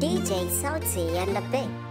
DJ Sea and the Big.